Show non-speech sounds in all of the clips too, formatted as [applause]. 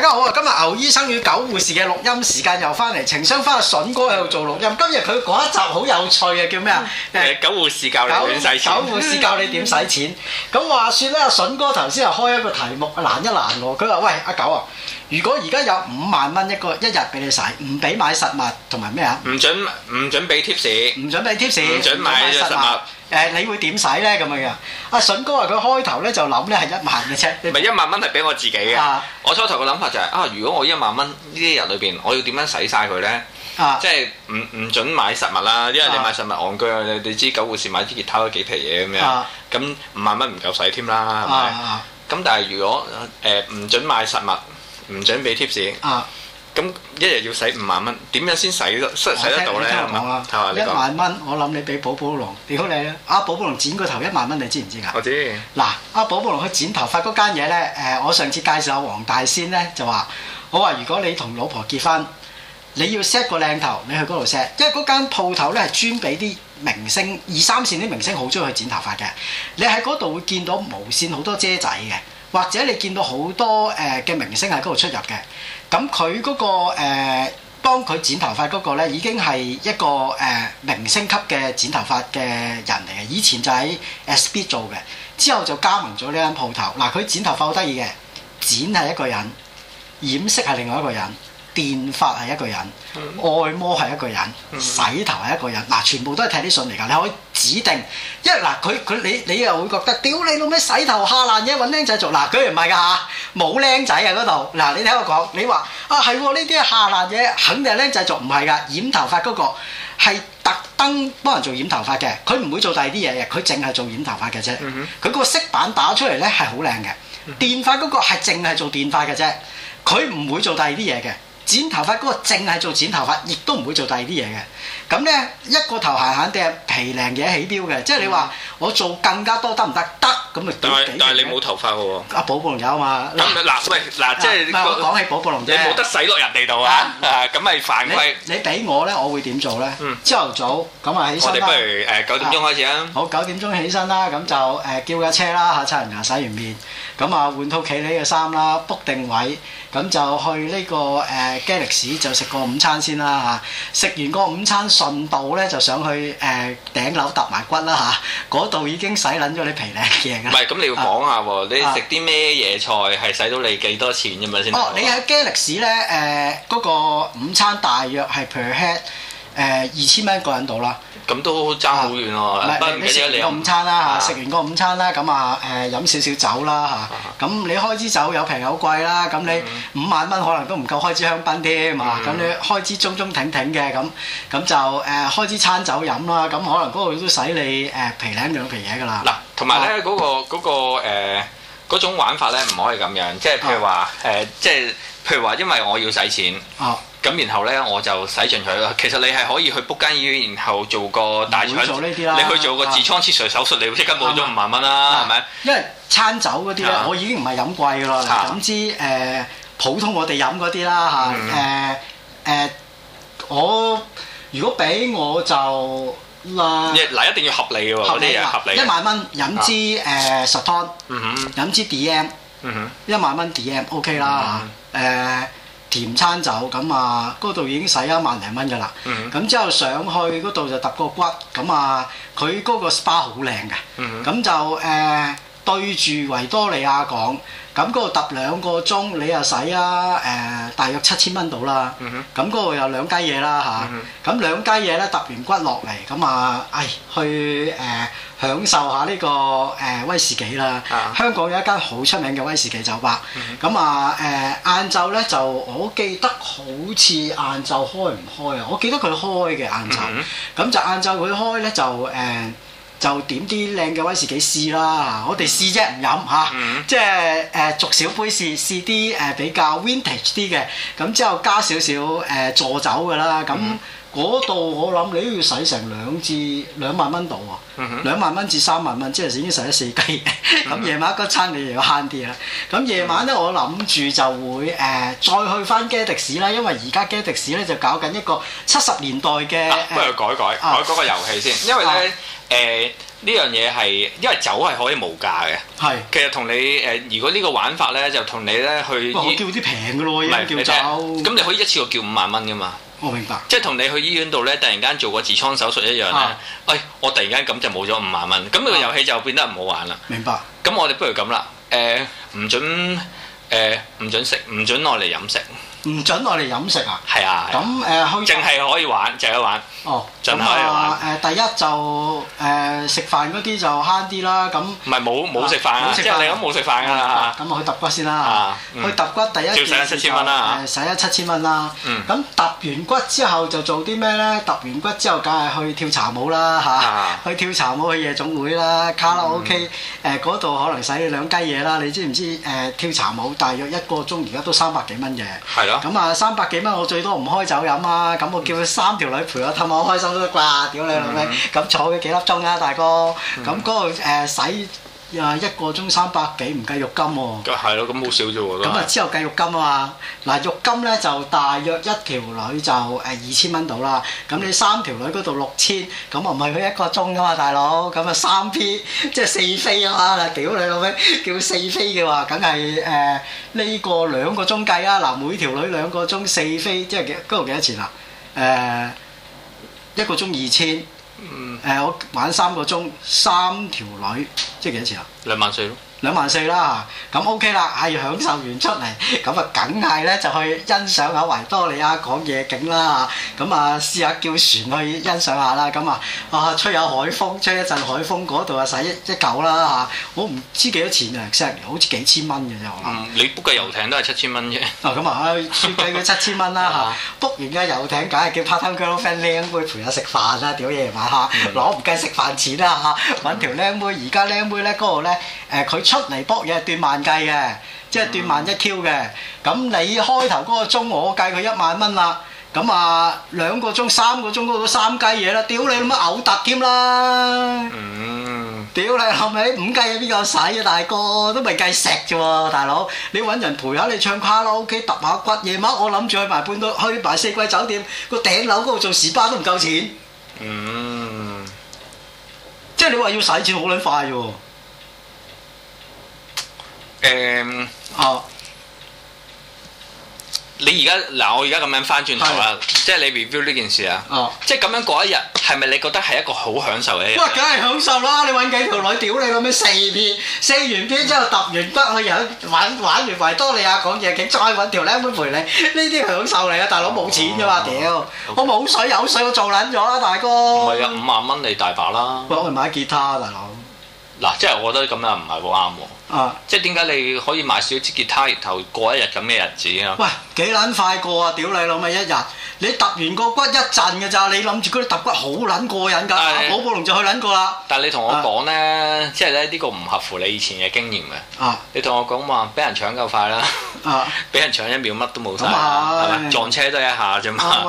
大家好啊！今日牛醫生與狗護士嘅錄音時間又翻嚟，情商翻阿筍哥喺度做錄音。今日佢嗰一集好有趣嘅，叫咩啊？誒、嗯，嗯、狗護士教你點使錢。狗護士教你點使錢。咁、嗯嗯、話說咧，阿筍哥頭先又開一個題目，難一難我。佢話：喂，阿狗啊！如果而家有五萬蚊一個一日俾你使，唔俾買實物同埋咩啊？唔准，唔準俾貼士，唔准俾貼士，唔準買實物。誒，你會點使咧？咁樣嘅，阿、啊、筍哥話佢開頭咧就諗咧係一萬嘅啫。唔係一萬蚊係俾我自己嘅。啊、我初頭個諗法就係、是、啊，如果我一萬蚊呢啲日裏邊，我要點樣使晒佢咧？即係唔唔準買實物啦，因為你買實物戇居，你、啊、你知狗護士買啲吉他都幾皮嘢咁樣。咁、啊、五萬蚊唔夠使添啦，係咪？咁、啊、但係如果誒唔、呃、准買實物。唔準俾 tips。啊！咁一日要使五萬蚊，點樣先使得，使得到咧？係嘛？一萬蚊，我諗你俾寶寶龍點好咧？啊，寶寶龍剪個頭一萬蚊，你知唔知㗎？我知。嗱、啊，阿寶寶龍去剪頭髮嗰間嘢咧，誒、呃，我上次介紹阿黃大仙咧，就話我話如果你同老婆結婚，你要 set 個靚頭，你去嗰度 set，因為嗰間鋪頭咧係專俾啲明星二三線啲明星好中意去剪頭髮嘅，你喺嗰度會見到無線好多姐仔嘅。或者你見到好多誒嘅明星喺嗰度出入嘅，咁佢嗰個誒幫佢剪頭髮嗰個咧，已經係一個誒、呃、明星級嘅剪頭髮嘅人嚟嘅。以前就喺 SB 做嘅，之後就加盟咗呢間鋪頭。嗱、啊，佢剪頭髮好得意嘅，剪係一個人，染色係另外一個人。電髮係一個人，按摩係一個人，洗頭係一個人，嗱全部都係睇啲信嚟㗎。你可以指定，因為嗱佢佢你你又會覺得屌你老味洗頭下爛嘢揾僆仔做嗱，佢唔係㗎嚇，冇僆仔啊嗰度嗱，你聽我講，你話啊係呢啲下爛嘢肯定係僆仔做唔係㗎，染頭髮嗰個係特登幫人做染頭髮嘅，佢唔會做第二啲嘢嘅，佢淨係做染頭髮嘅啫。佢嗰、嗯嗯、個色板打出嚟咧係好靚嘅，嗯嗯電髮嗰個係淨係做電髮嘅啫，佢唔會做第二啲嘢嘅。剪頭髮嗰個淨係做剪頭髮，亦都唔會做第二啲嘢嘅。咁咧一個頭鞋肯定係皮靚嘢起標嘅，即係你話我做更加多得唔得？得，咁咪對，但係但係你冇頭髮嘅喎。阿寶寶龍有啊嘛。咁嗱，喂，嗱，即係講起寶寶龍啫。你冇得洗落人哋度啊？咁咪犯規。你俾我咧，我會點做咧？朝頭早咁啊，起身。我哋不如誒九點鐘開始啊。好，九點鐘起身啦，咁就誒叫架車啦，刷完牙洗完面。咁啊，換套企理嘅衫啦，book 定位，咁就去呢個誒 Galaxy 就食個午餐先啦嚇。食完個午餐順道咧，就上去誒、呃、頂樓揼埋骨啦吓，嗰、啊、度已經洗撚咗你皮靚嘅。唔係、啊，咁你要講下喎，你食啲咩嘢菜係使到你幾多錢㗎嘛？先、呃、哦，你喺 Galaxy 咧誒嗰個午餐大約係 per head。誒二千蚊一個人度啦，咁、啊、都爭好遠喎、啊。不如、啊、麼你食個午餐啦嚇，食你完個午餐啦，咁啊誒飲、呃、少少酒啦嚇。咁、啊、你開支酒有平有貴啦，咁你五萬蚊可能都唔夠開支香檳添啊。咁、嗯、你開支中中挺挺嘅咁，咁就誒開支餐酒飲啦。咁可能嗰度都使你誒、呃、皮零兩皮嘢噶啦。嗱、啊，同埋咧嗰個嗰、嗰個、呃、種玩法咧唔可以咁樣，即係譬如話誒，即係、呃、譬如話因為我要使錢。啊嗯咁然後咧，我就使盡佢咯。其實你係可以去 book 間醫院，然後做個大腸，你去做個痔瘡切除手術，你會即刻冇咗五萬蚊啦，係咪？因為餐酒嗰啲咧，我已經唔係飲貴嘅咯。飲支誒普通我哋飲嗰啲啦嚇誒誒，我如果俾我就嗱，嗱一定要合理嘅喎，合理啊！一萬蚊飲支誒十湯，飲支 DM，一萬蚊 DM OK 啦嚇誒。甜餐酒咁啊，嗰度已經使咗萬零蚊噶啦，咁、嗯、哼之後上去嗰度就揼個骨，咁啊，佢嗰個 SPA 好靚嘅，咁、嗯、哼就誒、呃、對住維多利亞港。咁嗰度揼兩個鐘，你又使啊？誒、呃，大約七千蚊到啦。咁嗰度有兩雞嘢啦嚇。咁、啊 mm hmm. 兩雞嘢咧揼完骨落嚟，咁、嗯、啊，唉、哎，去誒、呃、享受下呢、這個誒、呃、威士忌啦。Uh huh. 香港有一間好出名嘅威士忌酒吧。咁啊、mm，誒、hmm. 晏晝咧就我記得好似晏晝開唔開啊？我記得佢開嘅晏晝。咁、mm hmm. 就晏晝佢開咧就誒。呃就點啲靚嘅威士忌試啦，我哋試啫唔飲嚇，啊嗯、即係誒逐小杯試試啲誒比較 vintage 啲嘅，咁之後加少少誒助酒㗎啦，咁嗰度我諗你都要使成兩至兩萬蚊度喎，兩、嗯、萬蚊至三萬蚊，即係已經使咗四雞。咁 [laughs] 夜晚嗰餐你又要慳啲啦，咁夜晚咧、嗯、我諗住就會誒、呃、再去翻 Gadis 啦，因為而家 Gadis 咧就搞緊一個七十年代嘅不如改改改嗰個遊戲先，uh, uh, 因為咧。Uh, uh, 誒呢樣嘢係，因為酒係可以無價嘅。係是，其實同你誒、呃，如果呢個玩法咧，就同你咧去我叫啲平嘅咯，唔係叫酒。咁你，看別你可以一次過叫五萬蚊噶嘛。我、哦、明白。即係同你去醫院度咧，突然間做個痔瘡手術一樣咧。喂、啊哎，我突然間咁就冇咗五萬蚊，咁呢個遊戲就變得唔好玩啦、啊。明白。咁我哋不如咁啦，誒、呃、唔准，誒、呃、唔准食，唔准攞嚟飲食。唔准我哋飲食啊！係啊，咁誒可以，淨係可以玩，淨係玩。哦，咁啊誒，第一就誒食飯嗰啲就慳啲啦。咁唔係冇冇食飯，即係你咁冇食飯啊！咁啊去揼骨先啦，去揼骨第一要使七千蚊啦，使咗七千蚊啦。咁揼完骨之後就做啲咩咧？揼完骨之後梗係去跳茶舞啦嚇，去跳茶舞去夜總會啦，卡拉 OK 誒嗰度可能使兩雞嘢啦。你知唔知誒跳茶舞大約一個鐘而家都三百幾蚊嘅？咁啊，三百幾蚊我最多唔開酒飲啊，咁我叫佢三條女陪我，我，氹我開心都得啩，屌你老味，咁，嗯嗯、坐佢幾粒鐘啊，大哥？咁嗰，嗯嗯嗰個誒洗。呃呀，一個鐘三百幾，唔計肉金喎。梗係咯，咁好少啫喎。咁啊之後計肉金啊嘛。嗱，肉金咧就大約一條女就誒二千蚊到啦。咁你三條女嗰度六千，咁啊唔係佢一個鐘噶嘛，大佬。咁啊三 P 即係四飛啊嘛。嗱，屌你老咩？叫四飛嘅話，梗係誒呢個兩個鐘計啊。嗱，每條女兩個鐘四飛，即係幾嗰度幾多錢啊？誒、呃、一個鐘二千。嗯，誒、呃，我玩三個鐘三條女，即係幾多錢啊？兩萬四咯。兩萬四啦，咁 OK 啦，唉享受完出嚟，咁啊梗係咧就去欣賞下維多利亞港夜景啦，咁啊試下叫船去欣賞下啦，咁啊啊吹下海風，吹一陣海風嗰度啊使一嚿啦嚇，我唔知幾多錢啊，Sir 好似幾千蚊嘅啫你 book 嘅遊艇都係七千蚊啫。咁啊算計佢七千蚊啦嚇，book 完嘅遊艇梗係叫 part-time girlfriend 靚妹陪下食飯啦，屌夜晚嚇，攞唔計食飯錢啦嚇，揾條靚妹，而家靚妹咧嗰度咧誒佢，呃出嚟搏嘢係斷萬計嘅，即係斷萬一 Q 嘅。咁你開頭嗰個鐘我計佢一萬蚊啦。咁啊兩個鐘三個鐘嗰個三雞嘢啦，屌你老母嘔突添啦！屌你後尾五雞嘢邊夠使啊大哥都未計石啫喎，大佬你揾人陪下你唱卡拉 OK 揼下骨，夜晚我諗住去埋半島，去埋四季酒店個頂樓嗰度做 spa 都唔夠錢。嗯，即係你話要使錢好撚快喎。誒、嗯、哦！你而家嗱，我而家咁樣翻轉頭啦，嗯、即係你 review 呢件事啊！哦、即係咁樣過一日，係咪你覺得係一個好享受嘅嘢？梗係享受啦！你揾幾條女屌你咁樣四片，四完片之後揼完骨，又玩玩完維多利亞港夜景，勁再揾條靚妹陪你，呢啲享受嚟啊！大佬冇錢㗎嘛？哦、屌！okay. 我冇水有水，我做撚咗啦，大哥！啊，五萬蚊你大把啦！喂，我去買吉他，大佬。嗱，即係我覺得咁樣唔係好啱喎。啊！即係點解你可以買少支吉他，然後過一日咁嘅日子啊？喂！幾撚快過啊！屌你老味一日！你揼完個骨一陣嘅咋？你諗住嗰啲揼骨好撚過癮㗎？阿寶寶龍就去撚過啦。但係你同我講咧，即係咧呢個唔合乎你以前嘅經驗嘅。你同我講話俾人搶夠快啦，俾人搶一秒乜都冇曬啦，係咪撞車都一下啫嘛。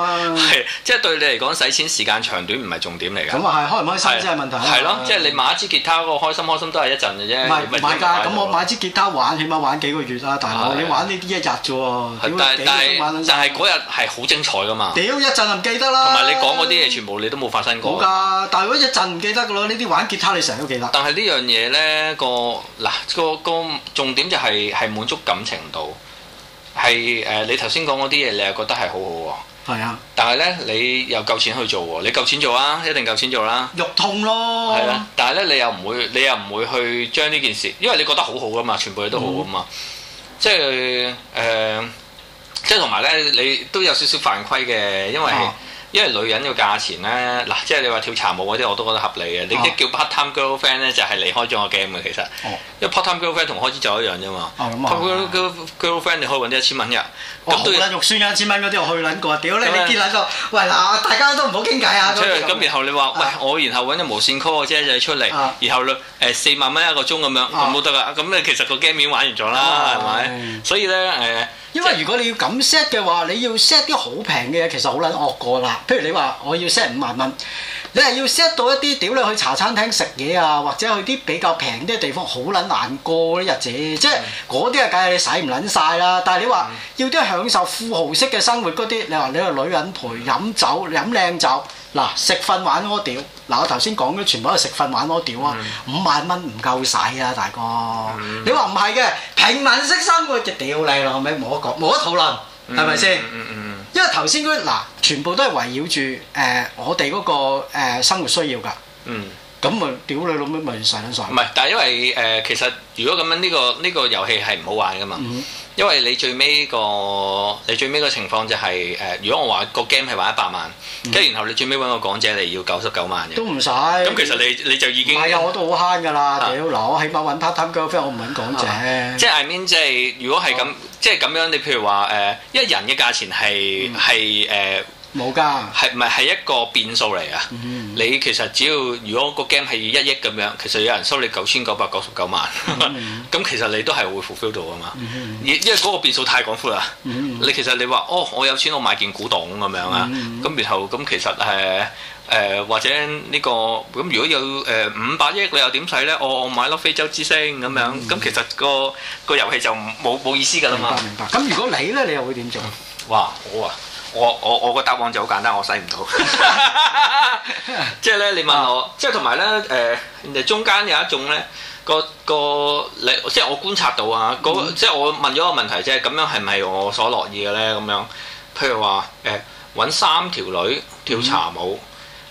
即係對你嚟講，使錢時間長短唔係重點嚟㗎。咁啊係開唔開心先係問題。係咯，即係你買一支吉他嗰個開心開心都係一陣嘅啫。唔係，唔係，咁我買支吉他玩，起碼玩幾個月啊！大佬，你玩呢啲一日啫喎，點會幾，但係嗰日係好精彩㗎嘛。屌，一陣唔記得啦。同埋你講嗰啲嘢，全部你都冇發生過。好噶，但係嗰一陣唔記得嘅咯。呢啲玩吉他你成日都記得。但係呢樣嘢咧，個嗱個個重點就係係滿足感情度，係誒、呃、你頭先講嗰啲嘢，你又覺得係好好喎。係啊。但係咧，你又夠錢去做喎？你夠錢做啊？一定夠錢做啦，啊。肉痛咯。係啊，但係咧，你又唔會，你又唔會去將呢件事，因為你覺得好好噶嘛，全部嘢都好啊嘛。嗯、即係誒。呃即係同埋咧，你都有少少犯規嘅，因為因為女人個價錢咧，嗱，即係你話跳茶舞嗰啲，我都覺得合理嘅。你一叫 part time girlfriend 咧，就係離開咗個 game 嘅，其實。因為 part time girlfriend 同開始就一樣啫嘛。哦，咁啊。girlfriend 你可以揾啲一千蚊一日。哦，紅肉酸一千蚊嗰啲，我去撚過。屌你，你見撚過？喂嗱，大家都唔好傾偈啊。出咁然後你話喂，我然後揾隻無線 call 嘅仔仔出嚟，然後咧四萬蚊一個鐘咁樣，咁冇得啦。咁咧其實個 game 已經玩完咗啦，係咪？所以咧誒。如果你要咁 set 嘅話，你要 set 啲好平嘅嘢，其實好撚惡過啦。譬如你話我要 set 五萬蚊，你係要 set 到一啲屌你去茶餐廳食嘢啊，或者去啲比較平啲嘅地方，好撚難過一日子即係嗰啲啊，梗係你使唔撚晒啦。但係你話要啲享受富豪式嘅生活嗰啲，你話你去女人陪飲酒，飲靚酒。嗱，食瞓玩屙屌，嗱，我頭先講嘅全部都係食瞓玩屙屌啊，五萬蚊唔夠使啊大哥，你話唔係嘅，平民式生活就屌你啦，係咪冇得講，冇得討論，係咪先？因為頭先嗰啲，嗱，全部都係圍繞住誒我哋嗰個誒生活需要㗎。咁咪屌你老母，咪散曬撚唔係，但係因為誒、呃，其實如果咁樣呢、這個呢、這個遊戲係唔好玩噶嘛，嗯、因為你最尾個你最尾個情況就係、是、誒、呃，如果我話個 game 係玩一百萬，跟、嗯、然後你最尾揾個港姐嚟要九十九萬嘅，都唔使。咁其實你你就已經唔係啊！我都好慳㗎啦，屌嗱、啊，我起碼揾 part-time girlfriend 我唔揾港姐。嗯嗯、即係 I mean，即係如果係咁，即係咁樣，你、啊、譬如話誒，因為人嘅價錢係係誒。冇噶，係咪係一個變數嚟啊？嗯、你其實只要如果個 game 係一億咁樣，其實有人收你九千九百九十九萬，咁 [laughs] 其實你都係會 fulfill 到噶嘛？嗯、因為嗰個變數太廣闊啦。嗯、你其實你話哦，我有錢我買件古董咁樣啊，咁、嗯、然後咁其實誒誒、呃、或者呢、這個咁如果有誒五百億你又點使咧？哦，我買粒非洲之星咁樣，咁、嗯、其實、那個、那個遊戲就冇冇意思噶啦嘛。明白，明白。咁、嗯、如果你咧，你又會點做、嗯？哇，我啊～我我我個答案就好簡單，我使唔到。即係咧，你問我，即係同埋咧，誒人哋中間有一種咧，個個你即係我觀察到啊，嗯、即係我問咗個問題，即係咁樣係咪我所樂意嘅咧？咁樣，譬如話誒揾三條女跳茶舞，誒、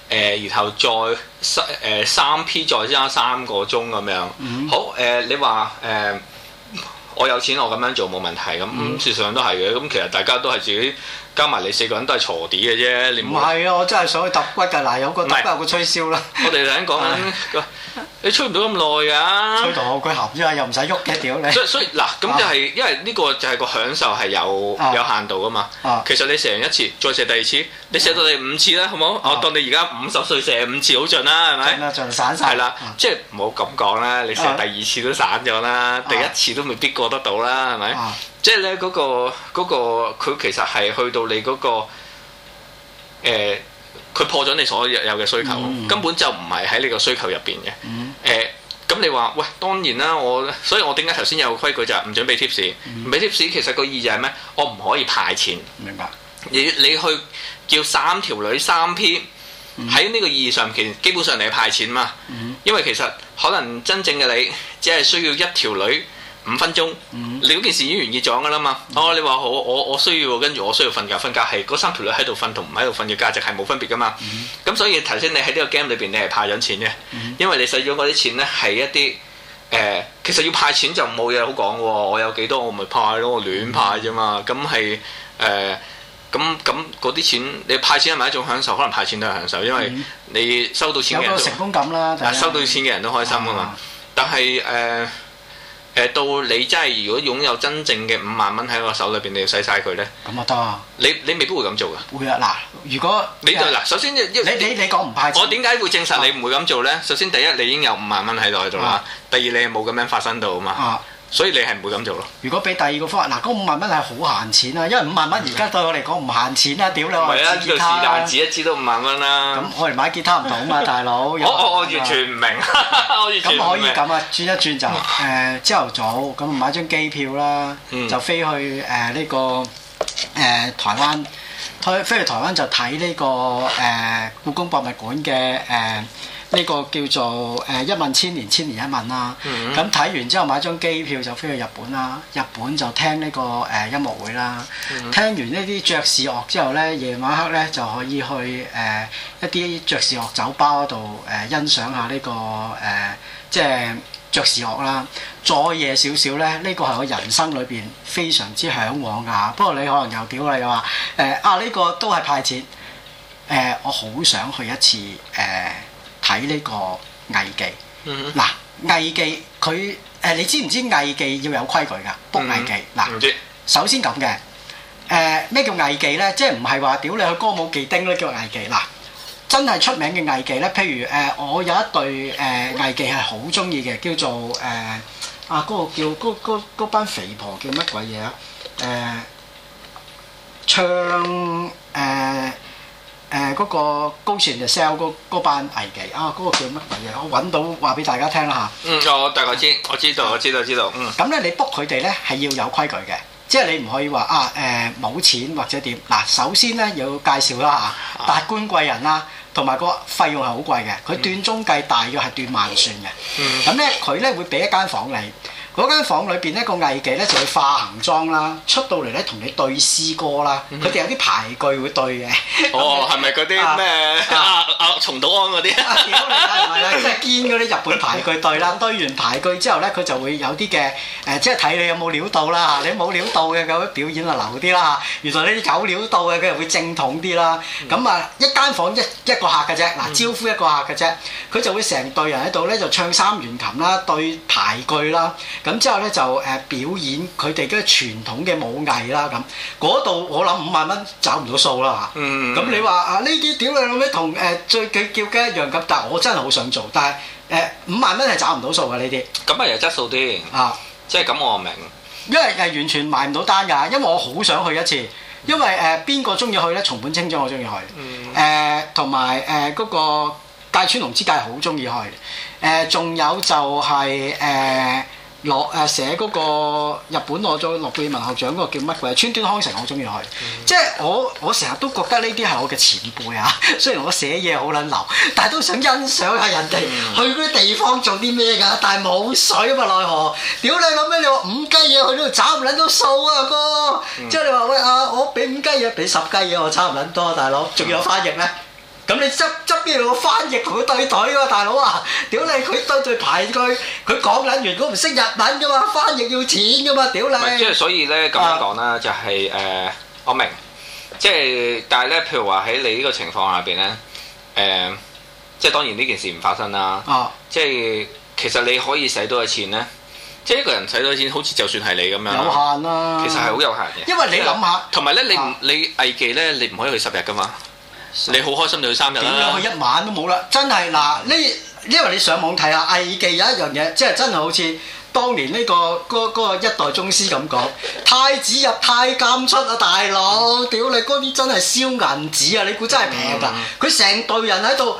嗯呃、然後再三誒三 P 再加三個鐘咁樣。嗯、好誒、呃，你話誒、呃、我有錢，我咁樣做冇問題咁，事實上都係嘅。咁其實大家都係自己。加埋你四個人都係矬啲嘅啫，你唔係啊！我真係想去揼骨㗎，嗱，有個揼骨，有個吹簫啦。我哋嚟緊講你吹唔到咁耐㗎。吹同我句合一下又唔使喐嘅屌你。所以所以，嗱，咁就係因為呢個就係個享受係有有限度噶嘛。其實你射一次再射第二次，你射到你五次啦，好冇？我當你而家五十歲射五次好盡啦，係咪？盡盡，散晒係啦，即係唔好咁講啦，你射第二次都散咗啦，第一次都未必過得到啦，係咪？即係咧嗰個、嗰個佢其實係去到你嗰、嗰個誒，佢、呃、破咗你所有嘅需求，嗯、根本就唔係喺你個需求入邊嘅。誒、嗯，咁、呃、你話喂，當然啦，我所以我點解頭先有規矩就唔準備貼士。唔俾貼士其實個意義係咩？我唔可以派錢。明白。你你去叫三條女三 P，喺呢、嗯、個意義上面，基本上你係派錢嘛？嗯、因為其實可能真正嘅你只係需要一條女。五分鐘，嗯、你嗰件事已經完結咗㗎啦嘛。哦、嗯啊，你話好，我我需要跟住我需要瞓覺，瞓覺係嗰三條女喺度瞓同唔喺度瞓嘅價值係冇分別㗎嘛。咁、嗯、所以頭先你喺呢個 game 裏邊，你係派緊錢嘅，嗯、因為你使咗嗰啲錢咧係一啲誒、呃，其實要派錢就冇嘢好講喎。我有幾多我咪派咯，我亂派啫嘛。咁係誒，咁咁嗰啲錢你派錢係咪一種享受？可能派錢都係享受，因為你收到錢嘅人都、嗯、成功感啦。嗱，收到錢嘅人都開心啊嘛。啊但係誒。呃到你真係如果擁有真正嘅五萬蚊喺我手裏邊，你要使晒佢呢？咁啊得啊！你你未必會咁做㗎。會啊！嗱，如果你就嗱，首先你為你你講唔派我點解會證實你唔會咁做呢？啊、首先第一，你已經有五萬蚊喺袋度啦。嗯嗯，第二，你係冇咁樣發生到啊嘛。所以你係唔會咁做咯。如果俾第二個方案，嗱嗰五萬蚊係好閒錢啊，因為五萬蚊而家對我嚟講唔閒錢啦、啊，屌你我係吉他。係啊，呢度是但，指一指都五萬蚊啦。咁我哋買吉他唔到啊嘛， [laughs] 大佬。有啊、我我完全唔明。咁 [laughs] [laughs] 可以咁啊，轉一轉就誒朝頭早，咁買張機票啦，就飛去誒呢、呃這個誒、呃、台灣，飛飛去台灣就睇呢、這個誒、呃、故宮博物館嘅誒。呃呢個叫做誒、呃、一問千年，千年一問啦。咁、啊、睇完之後買張機票就飛去日本啦、啊。日本就聽呢、這個誒、呃、音樂會啦。聽完呢啲爵士樂之後呢，夜晚黑呢就可以去誒、呃、一啲爵士樂酒吧嗰度誒欣賞下呢、這個誒、呃、即係爵士樂啦。再夜少少呢，呢、這個係我人生裏邊非常之嚮往㗎。不過你可能又屌你又話誒啊，呢、這個都係派錢誒、呃，我好想去一次誒。呃睇呢個藝妓，嗱、mm hmm. 藝妓，佢誒你知唔知藝妓要有規矩噶？卜藝妓，嗱，首先咁嘅誒咩叫藝妓咧？即係唔係話屌你去歌舞伎町咧叫藝妓。嗱，真係出名嘅藝妓咧，譬如誒、呃、我有一對誒、呃、藝妓係好中意嘅，叫做誒、呃、啊嗰、那個叫嗰、那個那個那個、班肥婆叫乜鬼嘢啊？誒、呃、唱誒。呃呃誒嗰個高層嘅 sell 嗰班危機啊，嗰個叫乜鬼嘢？我揾到話俾大家聽啦吓，嗯，我大概知，我知道，我知道，知道。嗯。咁咧、嗯，你 book 佢哋咧係要有規矩嘅，即係你唔可以話啊誒冇、呃、錢或者點。嗱，首先咧要介紹啦吓，達官貴人啦，同埋個費用係好貴嘅，佢斷中計大約係斷萬算嘅。嗯。咁咧，佢咧會俾一間房你。嗰間房裏邊咧，個藝伎咧就會、是、化行妝啦，出到嚟咧同你對詩歌啦。佢哋有啲俳句會對嘅。哦，係咪嗰啲咩？是是啊啊，啊，松島安嗰啲？唔係啦，即係堅嗰啲日本俳句對啦。 [laughs] 對完俳句之後咧，佢就會有啲嘅誒，即係睇你有冇料到啦。你冇料到嘅咁樣表演啊，流啲啦嚇。原來你有料到嘅，佢又會正統啲啦。咁啊，一間房一一個客嘅啫，嗱招呼一個客嘅啫。佢就會成隊人喺度咧，就唱三弦琴啦，對俳句啦。咁之後咧就誒表演佢哋嘅傳統嘅武藝啦，咁嗰度我諗五萬蚊找唔到數啦嚇。咁、嗯、你話啊呢啲點樣咁樣同誒最佢叫嘅一樣咁，但係我真係好想做，但係誒、呃、五萬蚊係找唔到數嘅呢啲。咁啊有質素啲啊，即係咁我明。因為係完全買唔到單㗎，因為我好想去一次，因為誒邊個中意去咧？松本清張我中意去，誒同埋誒嗰個芥川龍之介好中意去，誒、呃、仲有就係、是、誒。呃呃攞誒寫嗰個日本攞咗諾貝爾文學獎嗰個叫乜鬼啊？川端康成我中意去，嗯、即係我我成日都覺得呢啲係我嘅前輩啊。雖然我寫嘢好撚流，但係都想欣賞下人哋去嗰啲地方做啲咩㗎。但係冇水啊嘛，奈何！屌你咁咩？你話五雞嘢去到搵唔撚到數啊哥，嗯、即係你話喂啊，我俾五雞嘢，俾十雞嘢我差唔撚多，大佬仲有翻譯咩？咁你執執邊度嘅翻譯佢對隊喎，啊，大佬啊！屌你，佢對隊排句，佢講緊如果唔識日文噶嘛，翻譯要錢噶嘛，屌你！即係所以咧咁樣講啦，就係、是、誒、啊就是呃，我明，即、就、係、是、但係咧，譬如話喺你呢個情況下邊咧，誒、呃，即、就、係、是、當然呢件事唔發生啦。即係、啊就是、其實你可以使多嘅錢咧，即、就、係、是、一個人使多啲錢，好似就算係你咁樣，有限啦，啊，其實係好有限嘅。因為你諗下，同埋咧，你唔、啊、你藝技咧，你唔可以去十日噶嘛。你好開心就三日啦！點樣去一晚都冇啦？真係嗱，呢、啊、因為你上網睇下《藝伎》有一樣嘢，即係真係好似當年呢、呢個嗰、嗰個、一代宗師咁講， [laughs] 太子入太監出啊！大佬， [laughs] 屌你嗰啲真係燒銀紙啊！你估真係平啊？佢成 [laughs] 隊人喺度。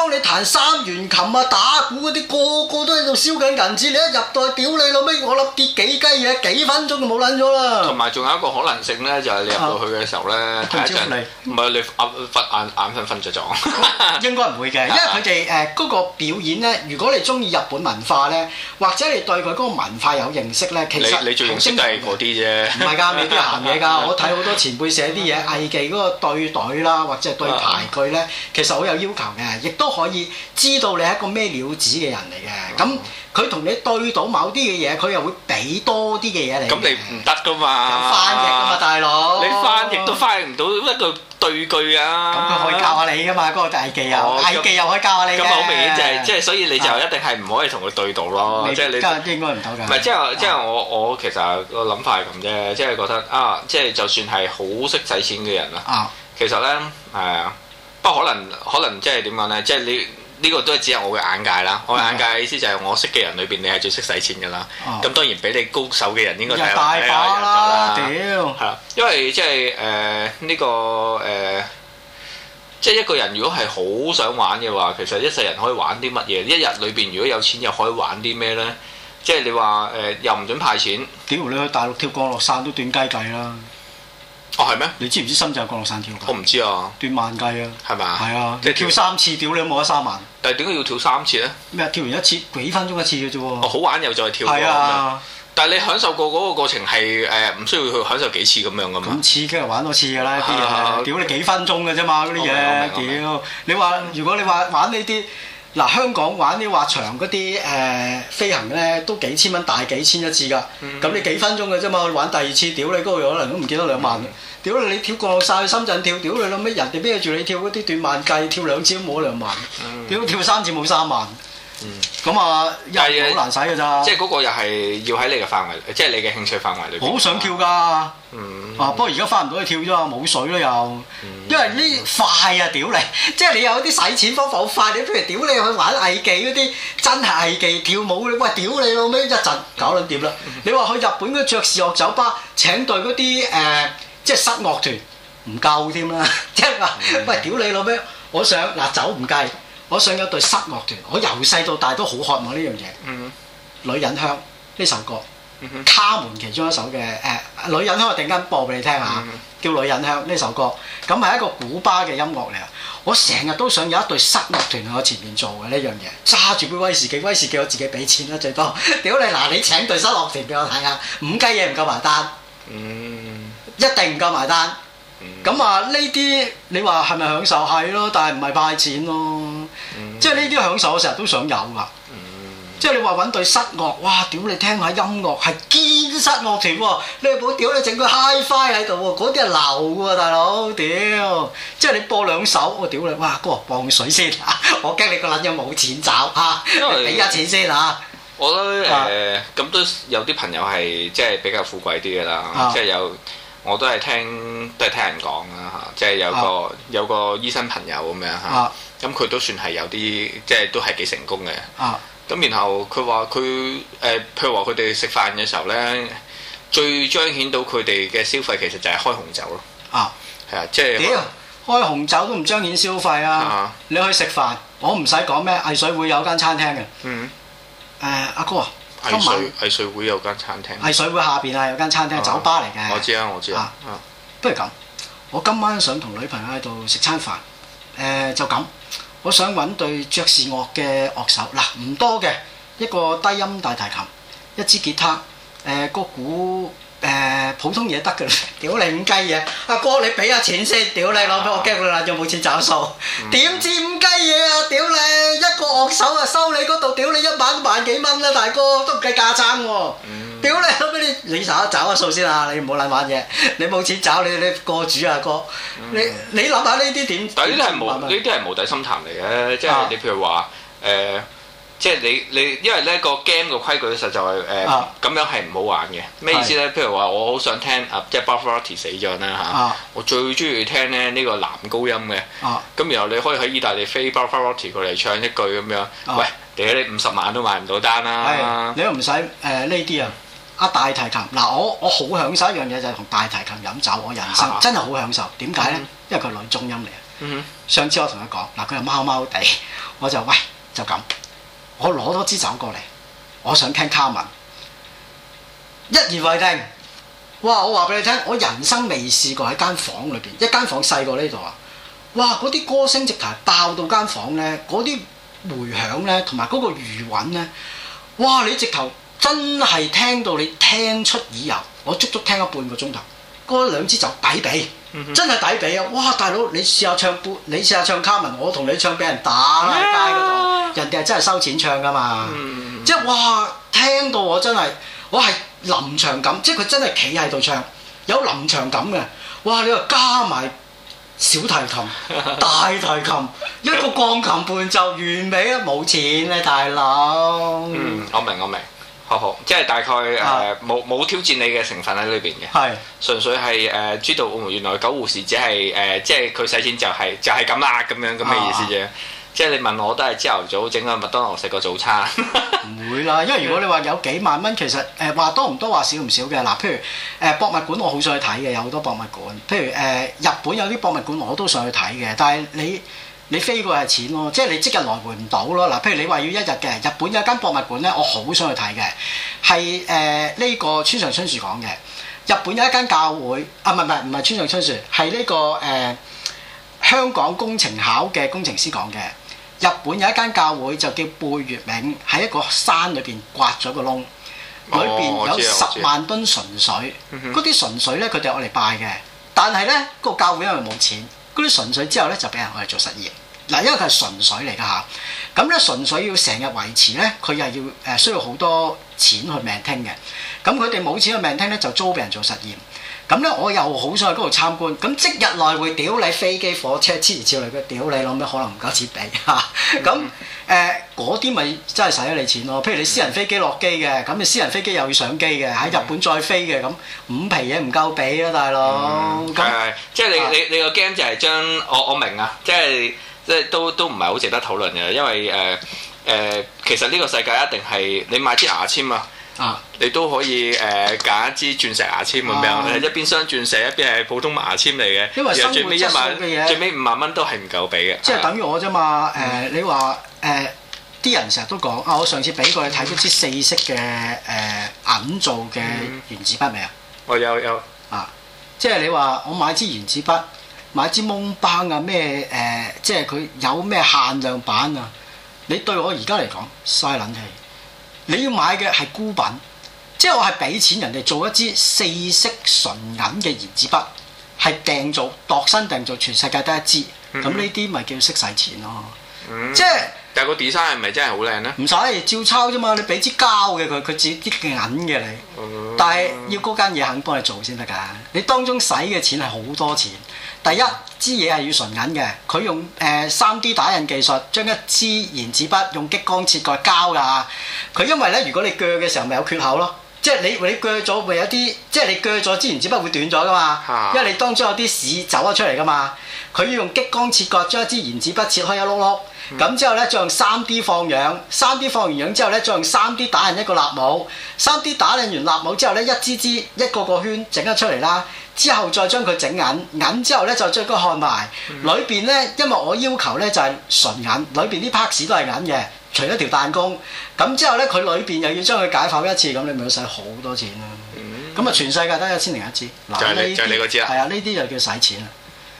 當你彈三元琴啊，打鼓嗰啲個個都喺度燒緊銀紙，你一入到去屌你老味，我粒跌幾雞嘢，幾分鐘就冇撚咗啦。同埋仲有一個可能性咧，就係、是、你入到去嘅時候咧，睇下先，唔係、嗯、不你眼眼瞓瞓着咗。 [laughs] 應該唔會嘅，因為佢哋誒嗰個表演咧，如果你中意日本文化咧，或者你對佢嗰個文化有認識咧，其實你，你最認識都係嗰啲啫，唔係㗎，未必行嘢㗎。 [laughs] 我睇好多前輩寫啲嘢， [laughs] 藝妓嗰個對隊啦，或者對排佢咧，其實好有要求嘅，亦都。可以知道你係一個咩料子嘅人嚟嘅，咁佢同你對到某啲嘅嘢，佢又會俾多啲嘅嘢嚟。咁你唔得噶嘛？翻譯噶嘛，大佬。你翻譯都翻譯唔到一個對句啊！咁佢可以教下你噶嘛？嗰個大技啊，矮技又可以教下你嘅。咁好明顯就係即係即係，所以你就一定係唔可以同佢對到咯。即係你應該唔到㗎。唔係，即係即係我我其實個諗法係咁啫，即係覺得啊，即係就算係好識使錢嘅人啦，其實咧係啊。不可能，可能即係點講咧？即係你呢、這個都係只係我嘅眼界啦。嗯、我嘅眼界意思就係我識嘅人裏邊，你係最識使錢噶啦。咁、哦、當然比你高手嘅人應該大把啦。屌、哎，係啦掉，因為即係誒呢個誒、呃，即係一個人如果係好想玩嘅話，其實一世人可以玩啲乜嘢？一日裏邊如果有錢又可以玩啲咩咧？即係你話誒、呃、又唔準派錢？屌你去大陸跳降落傘都斷雞計啦！哦，係咩？你知唔知深圳有降落傘跳？我唔知啊。斷萬計啊，係咪吧啊？係啊，你跳三次跳，屌你都冇得三萬。但係點解要跳三次咧？咩？跳完一次幾分鐘一次嘅啫喎。好玩又再跳。係啊，嗯、但係你享受過嗰個過程係誒，唔、呃、需要去享受幾次咁樣噶嘛。五次梗係玩多次㗎啦啲嘢，屌 [laughs] 你幾分鐘㗎啫嘛嗰啲嘢，屌你話如果你話玩呢啲。嗱，香港玩啲滑翔嗰啲誒飛行咧，都幾千蚊大幾千一次㗎。咁你、嗯、幾分鐘嘅啫嘛，玩第二次屌你，嗰個可能都唔見得兩萬。屌、嗯、你，你跳過晒去深圳跳，屌你諗咩？人哋逼住你跳嗰啲短萬計，跳兩次都冇兩萬。屌、嗯、跳三次冇三萬。咁啊、嗯，又係好也難使㗎咋。即係嗰個又係要喺你嘅範圍，即、就、係、是、你嘅興趣範圍裏邊。好想跳㗎～嗯、啊！不過而家翻唔到去跳啫嘛，冇水啦又，嗯、因為呢快啊！屌你，即係你有啲使錢方法好快，你不如屌你去玩藝妓嗰啲，真係藝妓跳舞你喂屌你老咩一陣搞到掂啦！嗯、你話去日本嗰爵士樂酒吧請隊嗰啲誒，即係失樂團唔夠添啦，即係話喂屌你老咩？我想嗱酒唔計，我想有隊失樂團，我由細到大都好渴望呢樣嘢。呃、女人香呢首歌。卡門其中一首嘅誒女人香，我突然間播俾你聽下，叫女人香呢首歌，咁係一個古巴嘅音樂嚟啊！我成日都想有一隊失樂團喺我前面做嘅呢樣嘢，揸住杯威士忌，威士忌我自己俾錢啦最多。屌你嗱，你請隊失樂團俾我睇下，五雞嘢唔夠埋單，嗯，一定唔夠埋單。咁啊，呢啲你話係咪享受係咯？但係唔係派錢咯？即係呢啲享受，我成日都想有㗎。即係你話揾對失樂，哇！屌你聽下音樂係堅失樂團喎？你冇屌你整個 hi-fi 喺度喎！嗰啲係流嘅喎，大佬，屌！即係你播兩首，我屌你，哇！哥，哥放水先，啊、我驚你個撚嘢冇錢找嚇，俾、啊、啲為錢先嚇。啊、我都……誒、呃，咁都有啲朋友係即係比較富貴啲嘅啦，即係、啊、有我都係聽都係聽人講啦嚇，即、就、係、是、有個、啊、有個醫生朋友咁樣嚇，咁、啊、佢、啊、都算係有啲即係都係幾成功嘅。啊啊咁然後佢話佢，誒，譬如話佢哋食飯嘅時候咧，最彰顯到佢哋嘅消費其實就係開紅酒咯。啊，係啊，即係。屌，開紅酒都唔彰顯消費啊！啊你去食飯，我唔使講咩。藝穗會有間餐廳嘅。嗯。誒、啊，阿哥啊，今晚藝水，藝穗會有間餐廳。藝穗會下邊啊，有間餐廳，酒吧嚟嘅。我知啊，我知啊。不如咁，我今晚想同女朋友喺度食餐飯，誒、呃、就咁。我想揾對爵士樂嘅樂手，嗱，唔多嘅，一個低音大提琴，一支吉他，誒個鼓。誒普通嘢得㗎啦，屌你五雞嘢！阿哥你俾下錢先，屌你攞俾我驚啦，有冇錢找數？點知五雞嘢啊！屌你一個惡手啊，收你嗰度，屌你一百萬幾蚊啦，大哥都唔計價差喎！屌你攞俾你，你查找下數先啦，你唔好亂玩嘢，你冇錢找你你過主啊哥，你你諗下呢啲點？呢啲係冇呢啲係無底深潭嚟嘅，即係你譬如話誒。即係你你，你因為呢個 game 嘅規矩實就係誒咁樣係唔好玩嘅。咩意思咧？是譬如話我好想聽啊，即係 Pavarotti 死咗啦嚇，我最中意聽咧呢個男高音嘅。咁、啊、然後你可以喺意大利飛 Pavarotti 過嚟唱一句咁樣。啊、喂，嚟啊！你五十萬都買唔到單啦。你又唔使誒呢啲啊！啊大提琴嗱、啊，我我好享受一樣嘢就係、是、同大提琴飲酒，我人生、啊、真係好享受。點解咧？嗯、因為佢女中音嚟啊。上次我同佢講嗱，佢係貓貓地，我就喂就咁。我攞多支酒過嚟，我想聽卡文，一言為定。哇！我話俾你聽，我人生未試過喺間房裏邊，一間房細過呢度啊！哇！嗰啲歌聲直頭爆到間房呢，嗰啲回響呢，同埋嗰個餘韻呢，哇！你直頭真係聽到你聽出耳油，我足足聽咗半個鐘頭，嗰兩支酒抵比，mm hmm. 真係抵比啊！哇！大佬，你試下唱布，你試下唱卡文，我同你唱俾人打街人哋係真係收錢唱㗎嘛，嗯、即係哇，聽到我真係，我係臨場感，即係佢真係企喺度唱，有臨場感嘅，哇！你話加埋小提琴、大提琴， [laughs] 一個鋼琴伴奏，完美啊！冇錢咧，大佬。嗯，我明我明，好好，即係大概誒冇冇挑戰你嘅成分喺裏邊嘅，係是純粹係誒、呃、知道，原來狗護士只係誒、呃，即係佢使錢就係、是、就係、是、咁啦，咁樣咁嘅意思啫。啊。即係你問我都係朝頭早整個麥當勞食個早餐，唔 [laughs] 會啦。因為如果你話有幾萬蚊，其實誒話、呃、多唔多話少唔少嘅。嗱，譬如誒、呃、博物館，我好想去睇嘅，有好多博物館。譬如誒、呃、日本有啲博物館，我都想去睇嘅。但係你你飛過係錢咯，即係你即日來回唔到咯。嗱，譬如你話要一日嘅日本有一間博物館咧，我好想去睇嘅，係誒呢個村上春樹講嘅。日本有一間教會啊，唔係唔係唔係村上春樹，係呢、這個誒、呃、香港工程考嘅工程師講嘅。日本有一間教會就叫貝月明，喺一個山裏邊刮咗個窿，裏邊有十萬噸純水。嗰啲純水咧，佢哋愛嚟拜嘅。但係咧，個教會因為冇錢，嗰啲純水之後咧就俾人去嚟做實驗。嗱，因為佢係純水嚟㗎吓。咁咧純水要成日維持咧，佢又要誒需要好多錢去命聽嘅。咁佢哋冇錢去命聽咧，就租俾人做實驗。咁咧我又好想去嗰度參觀，咁即日內會屌你飛機火車黐住照嚟嘅，屌你諗咩可能唔夠錢俾嚇？咁誒嗰啲咪真係使咗你錢咯？譬如你私人飛機落機嘅，咁你、嗯嗯、私人飛機又要上機嘅，喺日本再飛嘅，咁五皮嘢唔夠俾啊大佬！係係、嗯，即係咁、即係、你你你個 game 就係將我我明啊，即係即係都都唔係好值得討論嘅，因為誒誒、呃呃、其實呢個世界一定係你買支牙籤啊！啊！你都可以誒揀、呃、一支鑽石牙籤咁樣，啊、一邊鑲鑽石，一邊係普通牙籤嚟嘅。因為生活上嘅嘢，最尾一萬、最尾五萬蚊都係唔夠俾嘅。即係等於我啫嘛。誒、嗯呃，你話誒啲人成日都講啊，我上次俾過你睇咗支四色嘅誒、呃、銀做嘅原子筆未啊、嗯？我有有啊！即係你話我買支原子筆，買支蒙邦啊咩誒、呃？即係佢有咩限量版啊？你對我而家嚟講，嘥冷氣。你要買嘅係孤品，即係我係俾錢人哋做一支四色純銀嘅原子筆，係訂做，度身訂做，全世界得一支。咁呢啲咪叫識使錢咯？嗯、即係是，但係個 design 係咪真係好靚咧？唔使照抄啫嘛！你俾支膠嘅佢，佢自己啲銀嘅你，嗯、但係要嗰間嘢肯幫你做先得㗎。你當中使嘅錢係好多錢，第一。支嘢係要純銀嘅，佢用誒三 D 打印技術將一支原子筆用激光切割膠㗎。佢因為咧，如果你鋸嘅時候咪有缺口咯，即係你你鋸咗咪有啲，即係你鋸咗支原子筆會短咗㗎嘛，因為你當中有啲屎走咗出嚟㗎嘛。佢要用激光切割將一支原子筆切開一碌碌，咁之後咧再用三 D 放樣，三 D 放完樣之後咧再用三 D 打印一個立帽。三 D 打印完立帽之後咧一支支一個個,個圈整得出嚟啦。之後再將佢整眼眼之後咧，就將佢焊埋。裏邊咧，因為我要求咧就係、是、純眼，裏邊啲拍 a 都係眼嘅，除咗條彈弓。咁之後咧，佢裏邊又要將佢解剖一次，咁你咪要使好多錢咯。咁啊，全世界得一千零一支。就係你，些就係你嗰支啦。係啊，呢啲、啊、就叫使錢啊。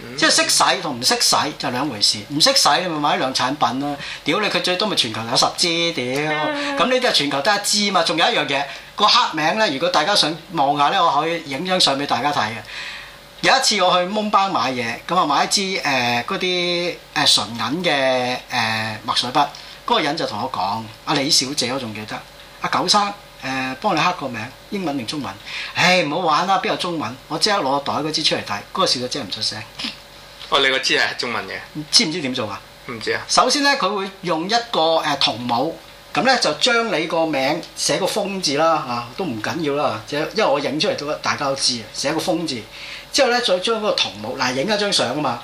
嗯、即係識使同唔識使就兩回事。唔識使，你咪買兩產品咯。屌你，佢最多咪全球有十支。屌，咁呢啲係全球得一支啊嘛。仲有一樣嘢。個黑名咧，如果大家想望下咧，我可以影張相俾大家睇嘅。有一次我去蒙巴買嘢，咁啊買一支誒嗰啲誒純銀嘅誒墨水筆，嗰個人就同我講：阿、啊、李小姐，我仲記得阿、啊、九生誒、呃，幫你刻個名，英文定中文？唉，唔好玩啦，邊有中文？我即刻攞袋嗰支出嚟睇，嗰、那個小姐即係唔出聲。喂、 [laughs] 哦，你個支係中文嘅，知唔知點做啊？唔知啊。首先咧，佢會用一個誒銅帽。呃咁咧 [noise] 就將你名個名寫個峯字啦，嚇都唔緊要啦，寫因為我影出嚟都大家都知啊，寫個峯字之後咧，再將嗰個銅模嗱影一張相啊嘛，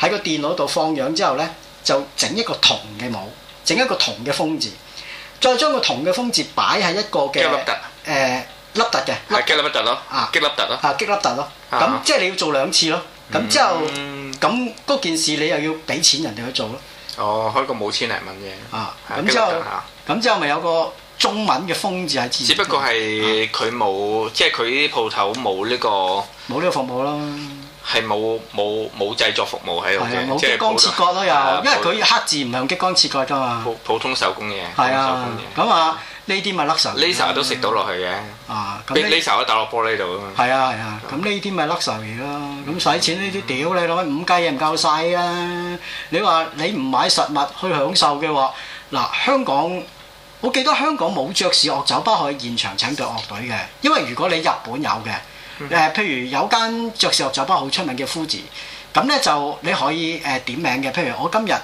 喺個電腦度放樣之後咧，就整一個銅嘅模，整一個銅嘅峯字，再將個銅嘅峯字擺喺一個嘅誒凹凸嘅，係激凹凸咯，啊激凹凸咯，啊激凹凸咯，咁即係你要做兩次咯，咁之後咁嗰件事你又要俾錢人哋去做咯。哦，開個冇千零蚊嘅。啊，咁之後，咁之後咪有個中文嘅封字喺之前，只不過係佢冇，即係佢啲鋪頭冇呢個冇呢個服務咯，係冇冇冇製作服務喺度嘅，冇激光切割咯又，因為佢黑字唔係用激光切割啫嘛，普普通手工嘢，係啊，咁啊。呢啲咪 l 甩手，Lisa 都食到落去嘅，俾 Lisa、啊嗯、都打落玻璃度啊嘛。係啊係啊，咁呢啲咪 l 甩手嘢咯。咁使錢呢啲屌你攞五計又唔夠晒啊！你話你唔買實物去享受嘅話，嗱、啊、香港，我記得香港冇爵士樂酒吧可以現場請隊樂隊嘅，因為如果你日本有嘅，誒、嗯、譬如有間爵士樂酒吧好出名嘅 Fuzi。咁咧就你可以誒點名嘅，譬如我今日誒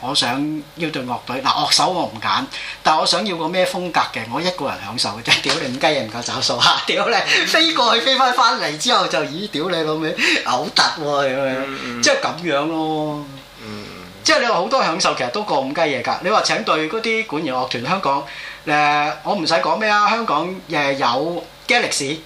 我想要對樂隊嗱樂手我唔揀，但我想要個咩風格嘅，我一個人享受嘅，即係屌你五雞嘢唔夠找數嚇，屌你飛過去飛翻翻嚟之後就咦屌你老味嘔突喎咁樣，即係咁樣咯，即係你話好多享受其實都過五雞嘢㗎，你話請對嗰啲管絃樂團香港誒我唔使講咩啊，香港誒有啲歷史。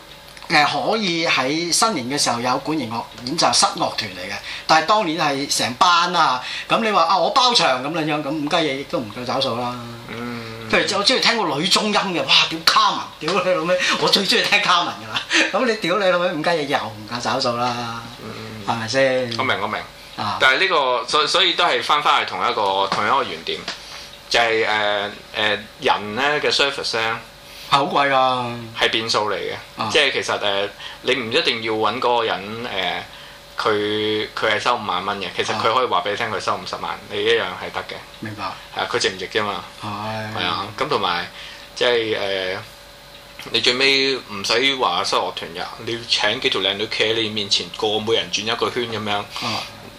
誒可以喺新年嘅時候有管弦樂演奏，室樂團嚟嘅。但係當年係成班啊，咁你話啊我包場咁樣樣，咁五家嘢亦都唔夠找數啦。嗯。譬如我中意聽個女中音嘅，哇！屌卡文，屌你老味！我最中意聽卡文㗎啦。咁你屌你老味，五家嘢又唔夠找數啦。嗯。係咪先？我明我明。啊。但係呢、呢個所以所以都係翻翻去同一個同一個原點，就係誒誒人咧嘅 surface。係好、啊、貴㗎，係變數嚟嘅，啊、即係其實誒、呃，你唔一定要揾嗰個人誒，佢佢係收五萬蚊嘅，其實佢可以話俾你聽，佢、啊、收五十萬，你一樣係得嘅。明白。係啊，佢值唔值啫嘛？係、哎。啊，咁同埋即係誒、呃，你最尾唔使話收樂團入，你請幾條靚女企喺你面前個，每個人轉一個圈咁樣。嗯。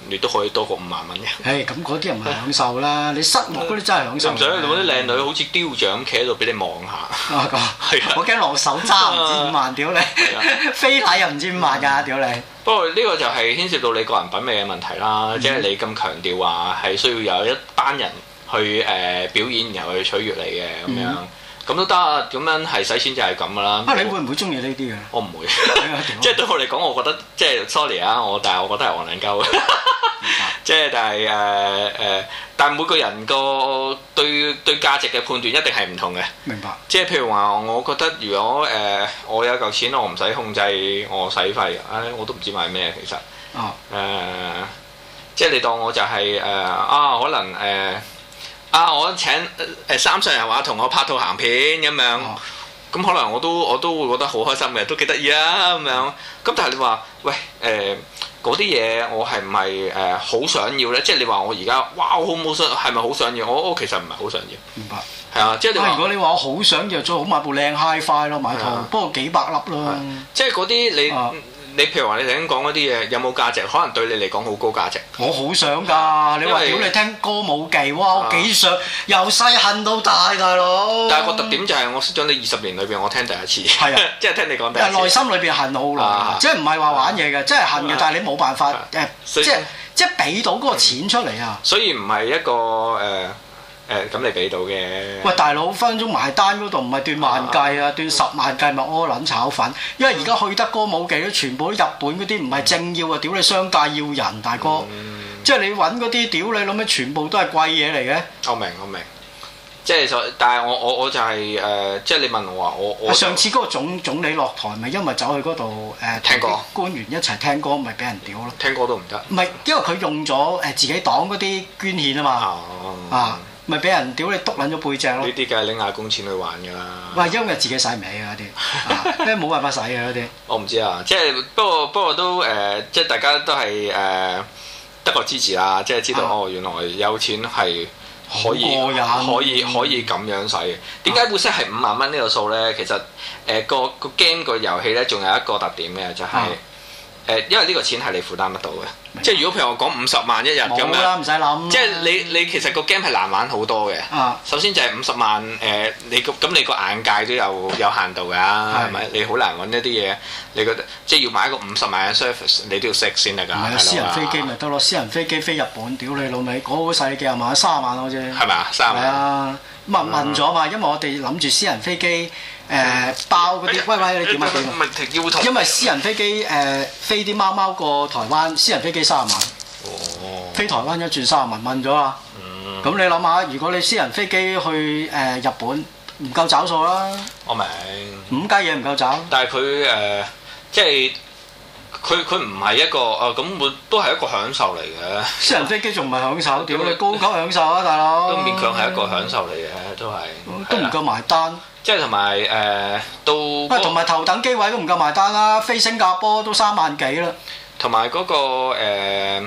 你都可以多過五萬蚊嘅。誒，咁嗰啲人享受啦，你失望嗰啲真係享受。唔想同嗰啲靚女好似雕像咁企喺度俾你望下。啊，我驚落手揸唔知五萬，屌你！非禮又唔知五萬㗎，屌你！不過呢個就係牽涉到你個人品味嘅問題啦，即係你咁強調話係需要有一班人去誒表演，然後去取悅你嘅咁樣。咁都得啊，咁樣係使錢就係咁噶啦。你會唔會中意呢啲嘅？我唔不會，即 [laughs] 係對我嚟講，我覺得即係、就是、sorry 啊，我但係我覺得係我難溝。明白。即係但係誒誒，但係每個人個對對價值嘅判斷一定係唔同嘅。明白。即係譬如話，我覺得如果誒、呃、我有嚿錢，我唔使控制我使費，唉，我都唔知買咩其實。哦、啊。即係、呃就是、你當我就係、是、誒、呃、啊，可能誒。呃啊！我請誒、呃、三四十位同我拍套行片咁樣，咁、啊、可能我都我都會覺得好開心嘅，都幾得意啊咁樣。咁但係你話，喂誒嗰啲嘢，呃、我係唔係誒好想要咧？即係你話我而家，哇！我好唔好想，係咪好想要？我我其實唔係好想要，明白？係啊，即係你。如果你話我好想要，最好買部靚 Hi-Fi 咯，買套、啊、不過幾百粒咯、啊，即係嗰啲你。啊嗯你譬如話你頭先講嗰啲嘢有冇價值？可能對你嚟講好高價值。我好想㗎，你話屌你聽歌冇計哇！我幾想由細恨到大，大佬！但係個特點就係我識咗你二十年裏邊，我聽第一次。係啊，即係聽你講第一次。內心裏邊恨到好耐，即係唔係話玩嘢嘅，即係恨嘅。但係你冇辦法誒，即係即係俾到嗰個錢出嚟啊。所以唔係一個誒。誒咁、呃、你俾到嘅？喂，大佬分分鐘埋單嗰度唔係斷萬計啊，斷十萬計咪柯撚炒粉，嗯、因為而家去德歌舞記都全部都日本嗰啲唔係政要啊，屌你商界要人大哥，嗯、即係你揾嗰啲屌你諗咩，全部都係貴嘢嚟嘅。我明我明，即係所，但係我我我就係、是、誒、呃，即係你問我話我我上次嗰個總,總理落台咪因為走去嗰度誒聽歌，官員一齊聽歌咪俾人屌咯，聽歌都唔得。唔係因為佢用咗誒自己黨嗰啲捐獻啊嘛，啊！咪俾人屌你篤撚咗背脊咯！呢啲梗係拎下工錢去玩㗎啦。喂，因為自己使唔起 [laughs] 啊啲，即係冇辦法使啊啲。我唔知啊，即係不過不過都誒，即係大家都係誒得個支持啦，即係知道、啊、哦，原來有錢係可以可以可以咁樣使嘅。點解會係五萬蚊呢個數咧？啊、其實誒個個 game 個遊戲咧，仲有一個特點嘅就係。啊誒，因為呢個錢係你負擔得到嘅，白即係如果譬如我講五十萬一日咁樣，冇啦，唔使諗。即係你你其實個 game 係難玩好多嘅。嗯、首先就係五十萬誒、呃，你個咁你個眼界都有有限度㗎，係咪是？你好難揾一啲嘢，你覺得即係要買一個五十萬嘅 service，你都要食先得㗎。唔有吧私人飛機咪得咯，私人飛機飛日本屌 [laughs] 你老味，嗰、嗰個細幾啊萬，三啊萬咯啫。係咪啊？三啊！係啊，嗯、問問咗嘛，因為我哋諗住私人飛機。誒包嗰啲，喂喂，你點啊？因為私人飛機誒飛啲貓貓過台灣，私人飛機卅萬，飛台灣一轉卅萬蚊咗啦。咁你諗下，如果你私人飛機去誒日本，唔夠找數啦。我明五間嘢唔夠找。但係佢誒，即係佢佢唔係一個啊，咁我都係一個享受嚟嘅。私人飛機仲唔係享受？點你高級享受啊，大佬？都勉強係一個享受嚟嘅，都係都唔夠埋單。即係同埋誒都，同埋、呃那個、頭等機位都唔夠埋單啦，飛新加坡都三萬幾啦。同埋嗰個、呃、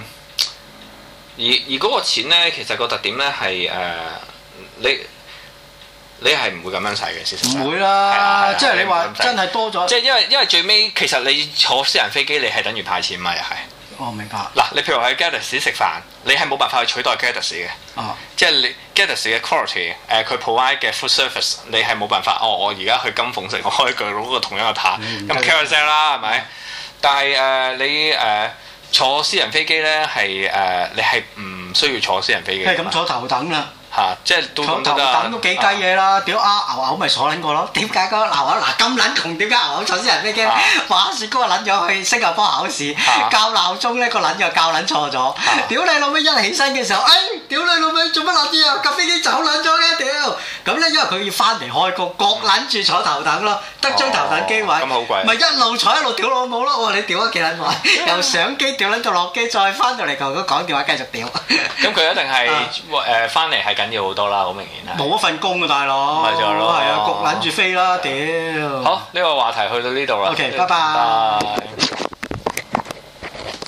而而嗰個錢咧，其實個特點咧係誒你你係唔會咁樣使嘅，事實上唔會啦。即係你話真係多咗，即係因為因為最尾其實你坐私人飛機，你係等於派錢嘛又係。我、哦、明白。嗱，你譬如喺 Gaddi's 食飯，你係冇辦法去取代 Gaddi's 嘅。哦，即係你 Gaddi's 嘅 quality，誒、呃、佢 provide 嘅 food service，你係冇辦法。哦，我而家去金鳳食，我開句攞個同一嘅塔，咁、嗯、careless 啦，係咪、嗯？吧但係誒、呃、你誒、呃、坐私人飛機咧，係誒、呃、你係唔需要坐私人飛機。即咁坐頭等啦。嚇，即係坐頭等都幾雞嘢啦！屌啊，牛牛咪坐撚過咯，點解個牛牛嗱咁撚窮？點解牛牛坐私人飛機？話阿雪哥話撚咗去新加坡考試，校鬧鐘咧個撚又校撚錯咗。屌你老味一起身嘅時候，哎，屌你老味做乜撚嘢啊？架飛機走撚咗嘅屌！咁咧因為佢要翻嚟開工，各撚住坐頭等咯，得張頭等機位，咁好貴？咪一路坐一路屌老母咯！哇，你屌得幾撚快？由上機屌撚到落機，再翻到嚟台都講電話繼續屌。咁佢一定係誒翻嚟係。緊要好多啦，好明顯啊！冇一份工啊，對大佬哥，係啊，的焗撚住飛啦，屌的！行好，呢個話題去到呢度啦。OK，拜拜！e 拜